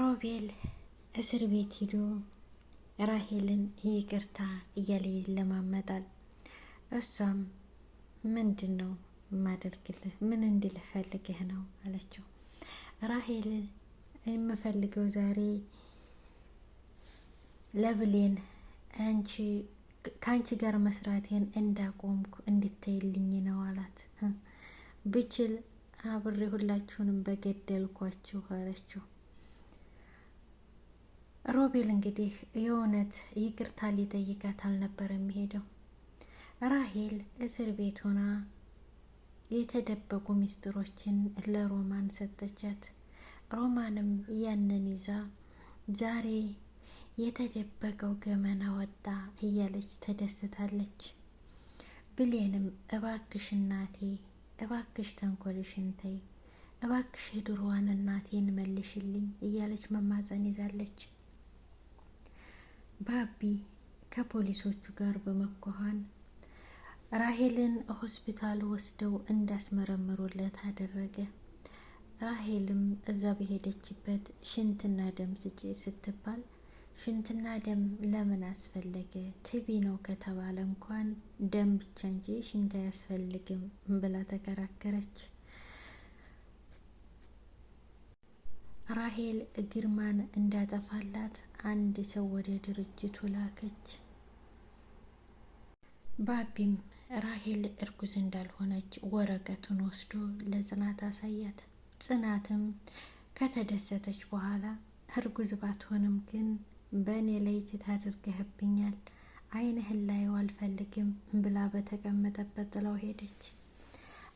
ሮቤል እስር ቤት ሂዶ ራሄልን ይቅርታ እያለ ይለማመጣል። እሷም ምንድን ነው የማደርግልህ? ምን እንድልህ ነው አለችው። ራሄልን የምፈልገው ዛሬ ለብሌን አንቺ ከአንቺ ጋር መስራቴን እንዳቆምኩ እንድታይልኝ ነው አላት። ብችል አብሬ ሁላችሁንም በገደልኳችሁ አለችው። ሮቤል እንግዲህ የእውነት ይቅርታ ሊጠይቃት አልነበረ የሚሄደው። ራሄል እስር ቤት ሆና የተደበቁ ሚስጥሮችን ለሮማን ሰጠቻት። ሮማንም ያንን ይዛ ዛሬ የተደበቀው ገመና ወጣ እያለች ተደስታለች። ብሌንም እባክሽ እናቴ፣ እባክሽ ተንኮልሽን ተይ፣ እባክሽ የድሮዋን እናቴን መልሽልኝ እያለች መማፀን ይዛለች። ባቢ ከፖሊሶቹ ጋር በመኳኋን ራሄልን ሆስፒታል ወስደው እንዳስመረምሩለት አደረገ። ራሄልም እዛ በሄደችበት ሽንትና ደም ስጪ ስትባል ሽንትና ደም ለምን አስፈለገ? ቲቢ ነው ከተባለ እንኳን ደም ብቻ እንጂ ሽንት አያስፈልግም ብላ ተከራከረች። ራሄል ግርማን እንዳጠፋላት አንድ ሰው ወደ ድርጅቱ ላከች። ባቢም ራሄል እርጉዝ እንዳልሆነች ወረቀቱን ወስዶ ለጽናት አሳያት። ጽናትም ከተደሰተች በኋላ እርጉዝ ባትሆንም ግን በእኔ ላይ ችት አድርገህብኛል፣ ዓይንህን ላየው አልፈልግም ብላ በተቀመጠበት ጥላው ሄደች።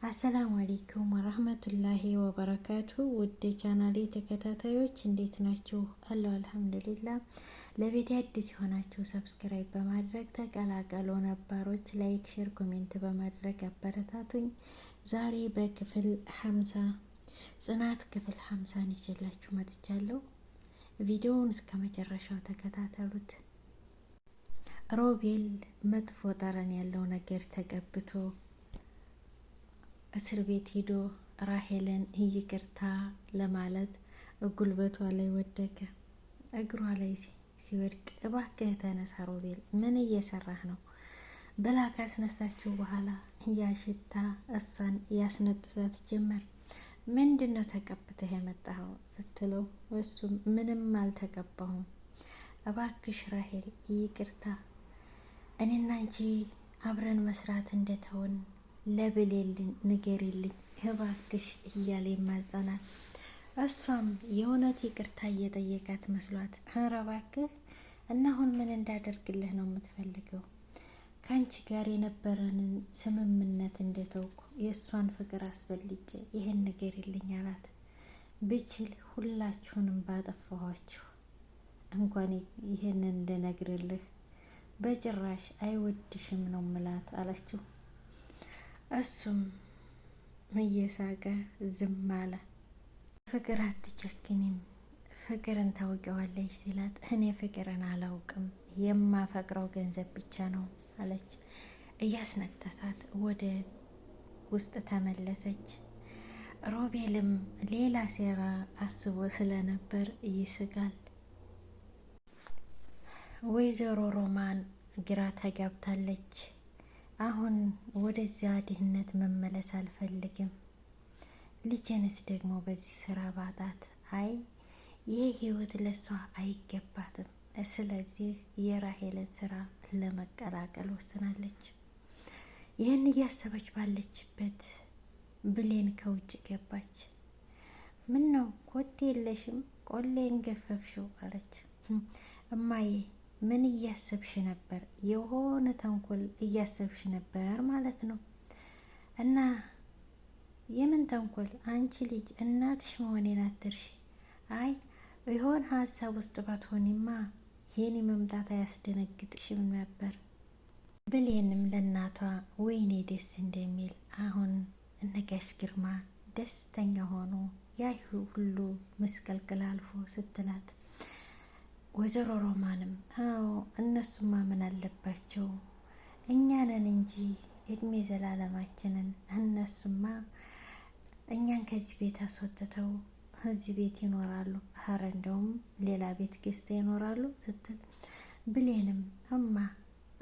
አሰላሙ አሌይኩም ወረህመቱላሂ ወበረካቱ ውድ ቻናሌ ተከታታዮች እንዴት ናችሁ? አለው አልሐምዱሊላ። ለቤት አዲስ የሆናችሁ ሰብስክራይብ በማድረግ ተቀላቀሉ። ነባሮች ላይክ፣ ሼር፣ ኮሜንት በማድረግ አበረታቱኝ። ዛሬ በክፍል ሀምሳ ጽናት ክፍል ሀምሳን ይዤላችሁ መጥቻለሁ። ቪዲዮውን እስከ መጨረሻው ተከታተሉት። ሮቤል መጥፎ ጠረን ያለው ነገር ተቀብቶ እስር ቤት ሂዶ ራሄልን ይቅርታ ለማለት ጉልበቷ ላይ ወደቀ። እግሯ ላይ ሲወድቅ እባክህ ተነሳ ሮቤል፣ ምን እየሰራህ ነው ብላ ካስነሳችው በኋላ ያሽታ እሷን ያስነጥዛት ጀመር። ምንድን ነው ተቀብተህ የመጣኸው ስትለው፣ እሱም ምንም አልተቀባሁም፣ እባክሽ ራሄል ይቅርታ፣ እኔና አንቺ አብረን መስራት እንደተሆን? ለብሌልን ንገሪልኝ እባክሽ እያለ ይማጸናል። እሷም የእውነት ይቅርታ እየጠየቃት መስሏት ኧረ እባክህ እና አሁን ምን እንዳደርግልህ ነው የምትፈልገው? ከአንቺ ጋር የነበረንን ስምምነት እንደተውኩ የእሷን ፍቅር አስበልጬ ይህን ንገሪልኝ አላት። ብችል ሁላችሁንም ባጠፋኋችሁ እንኳን ይህንን ልነግርልህ በጭራሽ አይወድሽም ነው ምላት አላችሁ። እሱም እየሳቀ ዝም አለ። ፍቅር አትጨክንም፣ ፍቅርን ታውቂዋለች ሲላት፣ እኔ ፍቅርን አላውቅም የማፈቅረው ገንዘብ ብቻ ነው አለች። እያስነጠሳት ወደ ውስጥ ተመለሰች። ሮቤልም ሌላ ሴራ አስቦ ስለነበር ይስጋል። ወይዘሮ ሮማን ግራ ተጋብታለች። አሁን ወደዚያ ድህነት መመለስ አልፈልግም። ልጄንስ ደግሞ በዚህ ስራ ባጣት፣ አይ ይህ ህይወት ለሷ አይገባትም። ስለዚህ የራሄልን ስራ ለመቀላቀል ወስናለች። ይህን እያሰበች ባለችበት ብሌን ከውጭ ገባች። ምን ነው ኮቴ የለሽም? ቆሌን ገፈፍሽው አለች። እማዬ ምን እያሰብሽ ነበር? የሆነ ተንኮል እያሰብሽ ነበር ማለት ነው። እና የምን ተንኮል? አንቺ ልጅ እናትሽ መሆኔን አትርሺ። አይ የሆን ሀሳብ ውስጥ ባትሆኒማ የኔ መምጣት አያስደነግጥሽም ነበር ብሌንም ለእናቷ ወይኔ ደስ እንደሚል አሁን እነጋሽ ግርማ ደስተኛ ሆኖ ያ ሁሉ ምስቀልቅል አልፎ ስትላት ወይዘሮ ሮማንም አዎ እነሱማ ምን አለባቸው እኛ ነን እንጂ እድሜ ዘላለማችንን እነሱማ እኛን ከዚህ ቤት አስወጥተው እዚህ ቤት ይኖራሉ። ኧረ እንደውም ሌላ ቤት ገዝተው ይኖራሉ ስትል ብሌንም እማ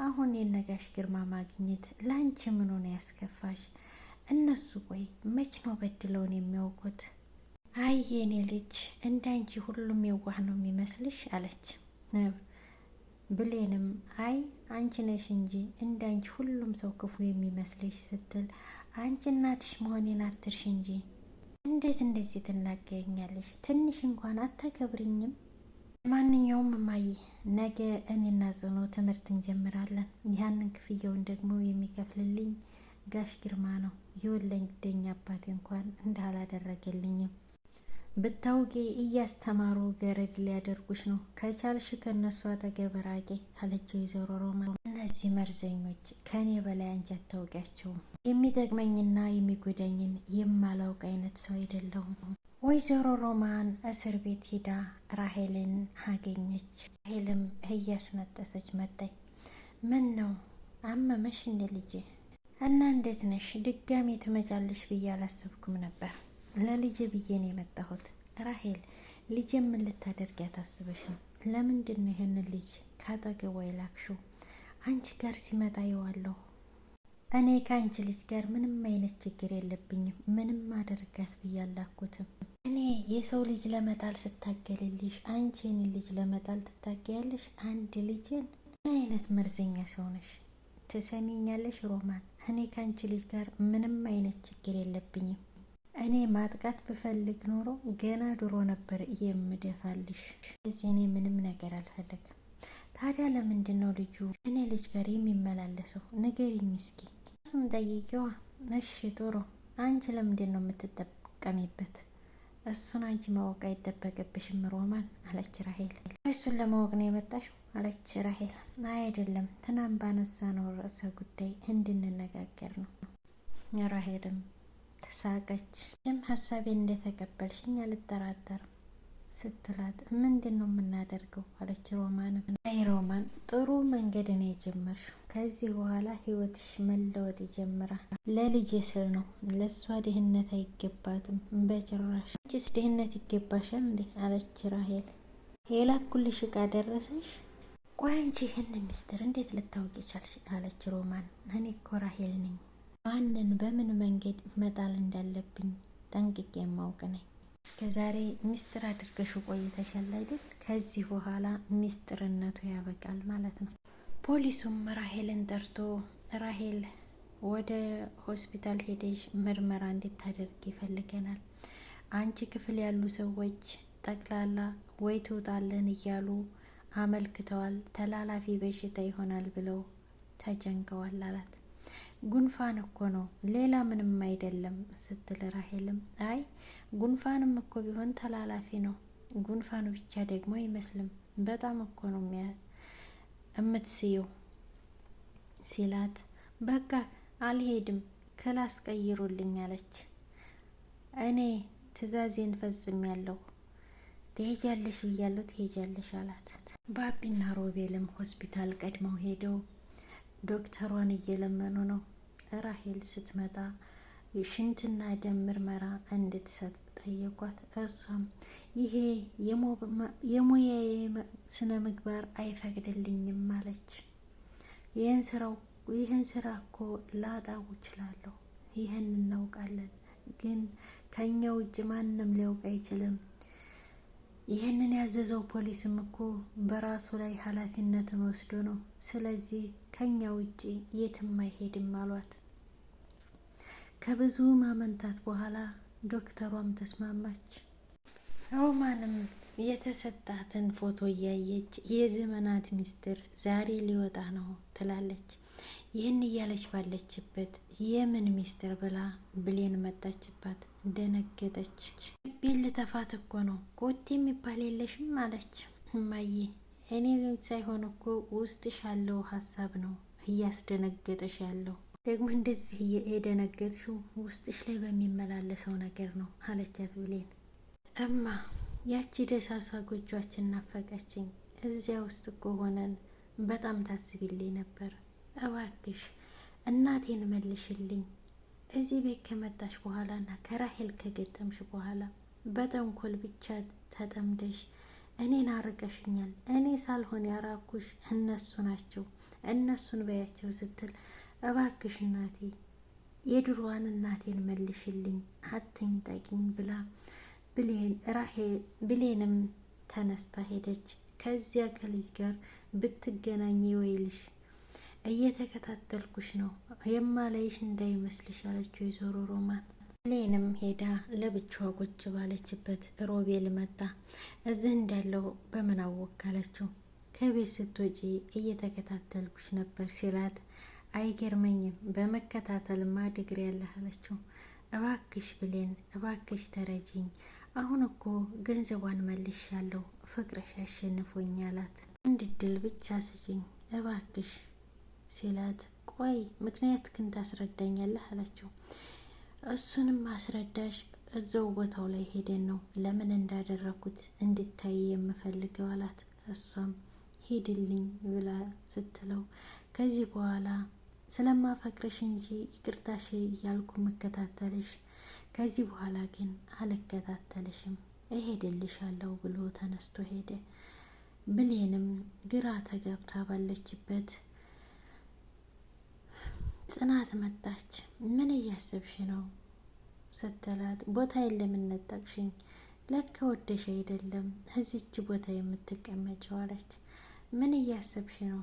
አሁን የነጋሽ ግርማ ማግኘት ለአንቺ ምኑን ያስከፋሽ? እነሱ ቆይ መች ነው በድለውን የሚያውቁት? አይ የኔ ልጅ እንዳንቺ ሁሉም የዋህ ነው የሚመስልሽ አለች። ብሌንም አይ አንቺ ነሽ እንጂ እንዳንቺ ሁሉም ሰው ክፉ የሚመስልሽ ስትል አንቺ እናትሽ መሆኔን አትርሽ እንጂ እንዴት እንደዚህ ትናገረኛለሽ? ትንሽ እንኳን አታከብርኝም? ማንኛውም እማዬ ነገ እኔና ጽኖ ትምህርት እንጀምራለን። ያንን ክፍያውን ደግሞ የሚከፍልልኝ ጋሽ ግርማ ነው። ይኸውልህ ደኛ አባቴ እንኳን እንዳላደረገልኝም ብታውቂ እያስተማሩ ገረድ ሊያደርጉሽ ነው። ከቻልሽ ከነሱ አጠገብ ራቂ አለችው ወይዘሮ ሮማ። እነዚህ መርዘኞች ከእኔ በላይ አንቺ አታውቂያቸውም። የሚጠቅመኝና የሚጎዳኝን የማላውቅ አይነት ሰው አይደለሁም። ወይዘሮ ሮማን እስር ቤት ሂዳ ራሄልን አገኘች። ራሄልም እያስነጠሰች መጣኝ። ምን ነው አመመሽ እንደ ልጄ እና እንዴት ነሽ? ድጋሜ ትመጫለሽ ብዬ አላሰብኩም ነበር ለልጅ ብዬን የመጣሁት ራሄል ልጅ ምን ልታደርግ ያታስበሽም? ለምንድን ነው ይህንን ልጅ ካጠገቧ የላክሽው? አንቺ ጋር ሲመጣ የዋለሁ እኔ ከአንቺ ልጅ ጋር ምንም አይነት ችግር የለብኝም። ምንም አደርጋት ብዬ አላኩትም። እኔ የሰው ልጅ ለመጣል ስታገልልሽ፣ አንቺ የኔ ልጅ ለመጣል ትታገያለሽ? አንድ ልጅን ምን አይነት መርዘኛ ሰው ነሽ? ትሰሚኛለሽ ሮማን? እኔ ከአንቺ ልጅ ጋር ምንም አይነት ችግር የለብኝም። እኔ ማጥቃት ብፈልግ ኖሮ ገና ድሮ ነበር የምደፋልሽ። እዚህ እኔ ምንም ነገር አልፈልግም። ታዲያ ለምንድን ነው ልጁ እኔ ልጅ ጋር የሚመላለሰው? ንገሪኝ እስኪ። እሱም ጠይቂዋ። እሺ ጥሩ። አንቺ ለምንድን ነው የምትጠቀሚበት? እሱን አንቺ ማወቅ አይጠበቅብሽም ሮማን አለች ራሄል። እሱን ለማወቅ ነው የመጣሽው አለች ራሄል። አይደለም ትናንት ባነሳ ነው ርዕሰ ጉዳይ እንድንነጋገር ነው። ራሄልም ተሳቀች። ም ሀሳቤን እንደተቀበልሽኝ አልጠራጠርም ስትላት ምንድን ነው የምናደርገው አለች ሮማን። አይ ሮማን፣ ጥሩ መንገድ ነው የጀመርሽው። ከዚህ በኋላ ህይወትሽ መለወጥ ይጀምራል። ለልጄ ስል ነው። ለእሷ ድህነት አይገባትም በጭራሽ። አንቺስ ድህነት ይገባሻል እንዴ? አለች ራሄል። የላኩልሽ እቃ ደረሰሽ? ቆይ አንቺ ይህን ሚስጥር እንዴት ልታውቂ ቻልሽ? አለች ሮማን። እኔ እኮ ራሄል ነኝ ማንን በምን መንገድ መጣል እንዳለብኝ ጠንቅቄ የማውቅ ነኝ። እስከ ዛሬ ሚስጥር አድርገሽ ቆይተሻል አይደል? ከዚህ በኋላ ሚስጥርነቱ ያበቃል ማለት ነው። ፖሊሱም ራሄልን ጠርቶ ራሄል ወደ ሆስፒታል ሄደሽ ምርመራ እንድታደርግ ይፈልገናል። አንቺ ክፍል ያሉ ሰዎች ጠቅላላ ወይ ትወጣለን እያሉ አመልክተዋል። ተላላፊ በሽታ ይሆናል ብለው ተጨንቀዋል አላት። ጉንፋን እኮ ነው ሌላ ምንም አይደለም ስትል ራሄልም አይ ጉንፋንም እኮ ቢሆን ተላላፊ ነው። ጉንፋኑ ብቻ ደግሞ አይመስልም በጣም እኮ ነው የምትስየው ሲላት፣ በቃ አልሄድም ክላስ ቀይሩልኝ አለች። እኔ ትእዛዜን ፈጽም ያለሁ ትሄጃለሽ ብያለሁ ትሄጃለሽ አላት። ባቢና ሮቤልም ሆስፒታል ቀድመው ሄደው ዶክተሯን እየለመኑ ነው። ራሄል ስትመጣ ሽንትና ደም ምርመራ እንድትሰጥ ጠየቋት። እሷም ይሄ የሙያዬ ስነ ምግባር አይፈቅድልኝም ማለች። ይህን ስራው ይህን ስራ እኮ ላጣው እችላለሁ፣ ይህን እናውቃለን፣ ግን ከኛ ውጭ ማንም ሊያውቅ አይችልም። ይህንን ያዘዘው ፖሊስም እኮ በራሱ ላይ ኃላፊነትን ወስዶ ነው። ስለዚህ ከኛ ውጭ የትም አይሄድም አሏት። ከብዙ ማመንታት በኋላ ዶክተሯም ተስማማች። ሮማንም የተሰጣትን ፎቶ እያየች የዘመናት ሚስጥር ዛሬ ሊወጣ ነው ትላለች። ይህን እያለች ባለችበት የምን ሚስጥር ብላ ብሌን መጣችባት። ደነገጠች። ቢል ተፋት እኮ ነው። ኮቴ የሚባል የለሽም አለች። እማዬ እኔ ሳይሆን እኮ ውስጥሽ ያለው ሀሳብ ነው እያስደነገጠሽ ያለው ደግሞ እንደዚህ የደነገጥሽው ውስጥሽ ላይ በሚመላለሰው ነገር ነው አለቻት ብሌን። እማ ያቺ ደሳሳ ጎጇችን ናፈቀችኝ። እዚያ ውስጥ እኮ ሆነን በጣም ታስቢልኝ ነበር። እባክሽ እናቴን መልሽልኝ። እዚህ ቤት ከመጣሽ በኋላ እና ከራሄል ከገጠምሽ በኋላ በተንኮል ብቻ ተጠምደሽ እኔን አርቀሽኛል። እኔ ሳልሆን ያራኩሽ እነሱ ናቸው፣ እነሱን በያቸው ስትል እባክሽ እናቴ የድሮዋን እናቴን መልሽልኝ አትኝ ጠቂኝ ብላ ብሌንም ተነስታ ሄደች። ከዚያ ከልጅ ጋር ብትገናኝ ወይልሽ እየተከታተልኩሽ ነው የማላይሽ እንዳይመስልሽ አለችው ወይዘሮ ሮማን። ብሌንም ሄዳ ለብቻዋ ቁጭ ባለችበት ሮቤል መጣ። እዚህ እንዳለው በምን አወቅ አለችው። ከቤት ስትወጪ እየተከታተልኩሽ ነበር ሲላት አይገርመኝም። በመከታተል ድግሪ ያለህ አለችው። እባክሽ ብሌን እባክሽ ተረጂኝ፣ አሁን እኮ ገንዘቧን መልሻለሁ፣ ፍቅረሽ አሸንፎኝ አላት። አንድ እድል ብቻ ስጭኝ እባክሽ ሲላት፣ ቆይ ምክንያት ክን ታስረዳኛለህ አለችው። እሱንም አስረዳሽ እዛው ቦታው ላይ ሄደን ነው ለምን እንዳደረኩት እንድታይ የምፈልገው አላት። እሷም ሂድልኝ ብላ ስትለው ከዚህ በኋላ ስለማፈቅርሽ እንጂ ይቅርታሽ እያልኩ መከታተልሽ፣ ከዚህ በኋላ ግን አልከታተልሽም እሄድልሻለሁ ብሎ ተነስቶ ሄደ። ብሌንም ግራ ተገብታ ባለችበት ጽናት መጣች። ምን እያሰብሽ ነው ስትላት ቦታ ለምን ነጠቅሽኝ? ለካ ወደሽ አይደለም እዚች ቦታ የምትቀመጭው አለች። ምን እያሰብሽ ነው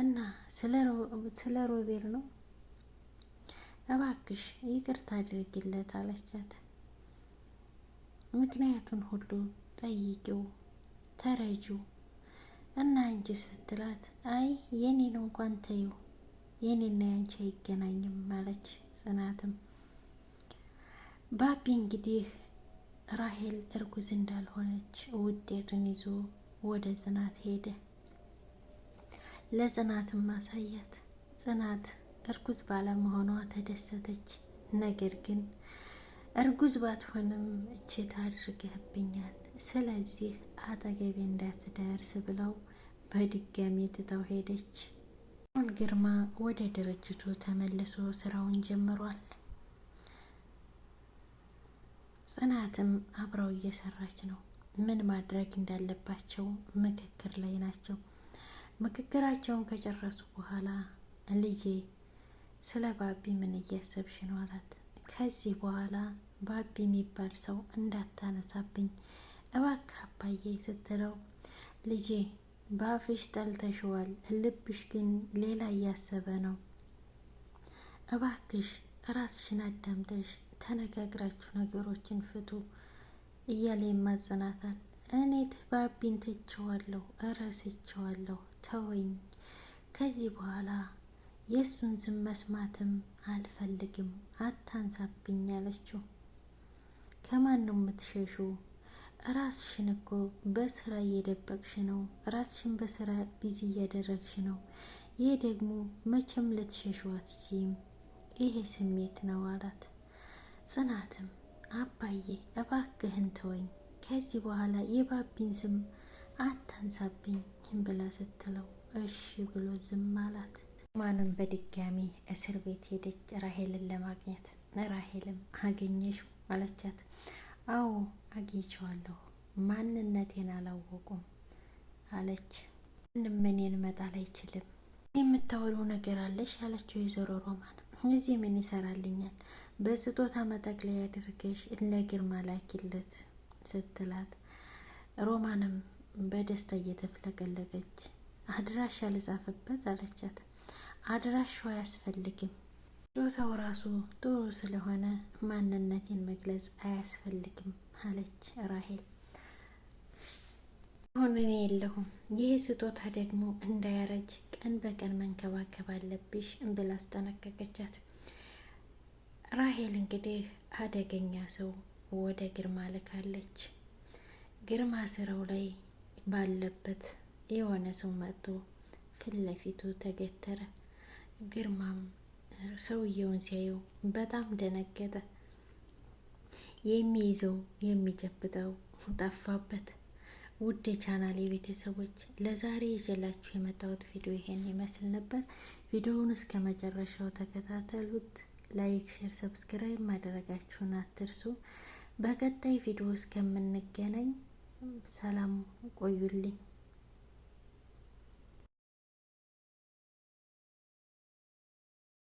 እና ስለ ሮቤር ነው። እባክሽ ይቅርታ አድርጊለት አለቻት። ምክንያቱን ሁሉ ጠይቂው፣ ተረጁ እና እንጂ ስትላት አይ የኔን እንኳን ተዩ የኔና ያንቺ አይገናኝም ማለች። ጽናትም ባቢ እንግዲህ ራሄል እርጉዝ እንዳልሆነች ውጤቱን ይዞ ወደ ጽናት ሄደ። ለጽናት ማሳያት። ጽናት እርጉዝ ባለመሆኗ ተደሰተች። ነገር ግን እርጉዝ ባትሆንም እችት አድርገህብኛል፣ ስለዚህ አጠገቤ እንዳትደርስ ብለው በድጋሚ ትተው ሄደች። አሁን ግርማ ወደ ድርጅቱ ተመልሶ ስራውን ጀምሯል። ጽናትም አብረው እየሰራች ነው። ምን ማድረግ እንዳለባቸው ምክክር ላይ ናቸው። ምክክራቸውን ከጨረሱ በኋላ ልጄ ስለ ባቢ ምን እያሰብሽ ነው አላት። ከዚህ በኋላ ባቢ የሚባል ሰው እንዳታነሳብኝ እባክህ አባዬ ስትለው ልጄ በአፍሽ ጠልተሽዋል፣ ልብሽ ግን ሌላ እያሰበ ነው። እባክሽ ራስሽን አዳምጠሽ ተነጋግራችሁ ነገሮችን ፍቱ እያለ ይማጽናታል። እኔ ባቢን ትቼዋለሁ፣ እረስቼዋለሁ፣ ተወኝ። ከዚህ በኋላ የእሱን ዝም መስማትም አልፈልግም፣ አታንሳብኝ አለችው። ከማን ነው የምትሸሹ? ራስሽን እኮ በስራ እየደበቅሽ ነው። ራስሽን በስራ ቢዚ እያደረግሽ ነው። ይህ ደግሞ መቼም ልትሸሹ አትችይም። ይሄ ስሜት ነው አላት። ጽናትም አባዬ እባክህን ተወኝ ከዚህ በኋላ የባቢን ስም አታንሳብኝ ብላ ስትለው እሺ ብሎ ዝም አላት። ማንም በድጋሚ እስር ቤት ሄደች ራሄልን ለማግኘት። ራሄልም አገኘሽ አለቻት። አዎ አግኝቸዋለሁ፣ ማንነቴን አላወቁም አለች። ምንም እኔን መጣል አይችልም። የምታወሪው ነገር አለሽ ያለችው ወይዘሮ ሮማን እዚህ ምን ይሰራልኛል? በስጦታ መጠቅለያ አድርገሽ ለግርማ ላኪለት ስትላት ሮማንም በደስታ እየተፍለቀለቀች አድራሻ ልጻፍበት አለቻት። አድራሻው አያስፈልግም፣ ቦታው ራሱ ጥሩ ስለሆነ ማንነቴን መግለጽ አያስፈልግም አለች ራሄል። አሁን እኔ የለሁም፣ ይህ ስጦታ ደግሞ እንዳያረጅ ቀን በቀን መንከባከብ አለብሽ እንብላ አስጠነቀቀቻት። ራሄል እንግዲህ አደገኛ ሰው ወደ ግርማ ልካለች። ግርማ ስራው ላይ ባለበት የሆነ ሰው መጥቶ ፊት ለፊቱ ተገተረ። ግርማም ሰውየውን ሲያየው በጣም ደነገጠ። የሚይዘው የሚጨብጠው ጠፋበት። ውድ የቻናሌ ቤተሰቦች ለዛሬ ይዤላችሁ የመጣሁት ቪዲዮ ይሄን ይመስል ነበር። ቪዲዮውን እስከ መጨረሻው ተከታተሉት። ላይክ፣ ሼር፣ ሰብስክራይብ ማድረጋችሁን አትርሱ። በቀጣይ ቪዲዮ እስከምንገናኝ ሰላም ቆዩልኝ።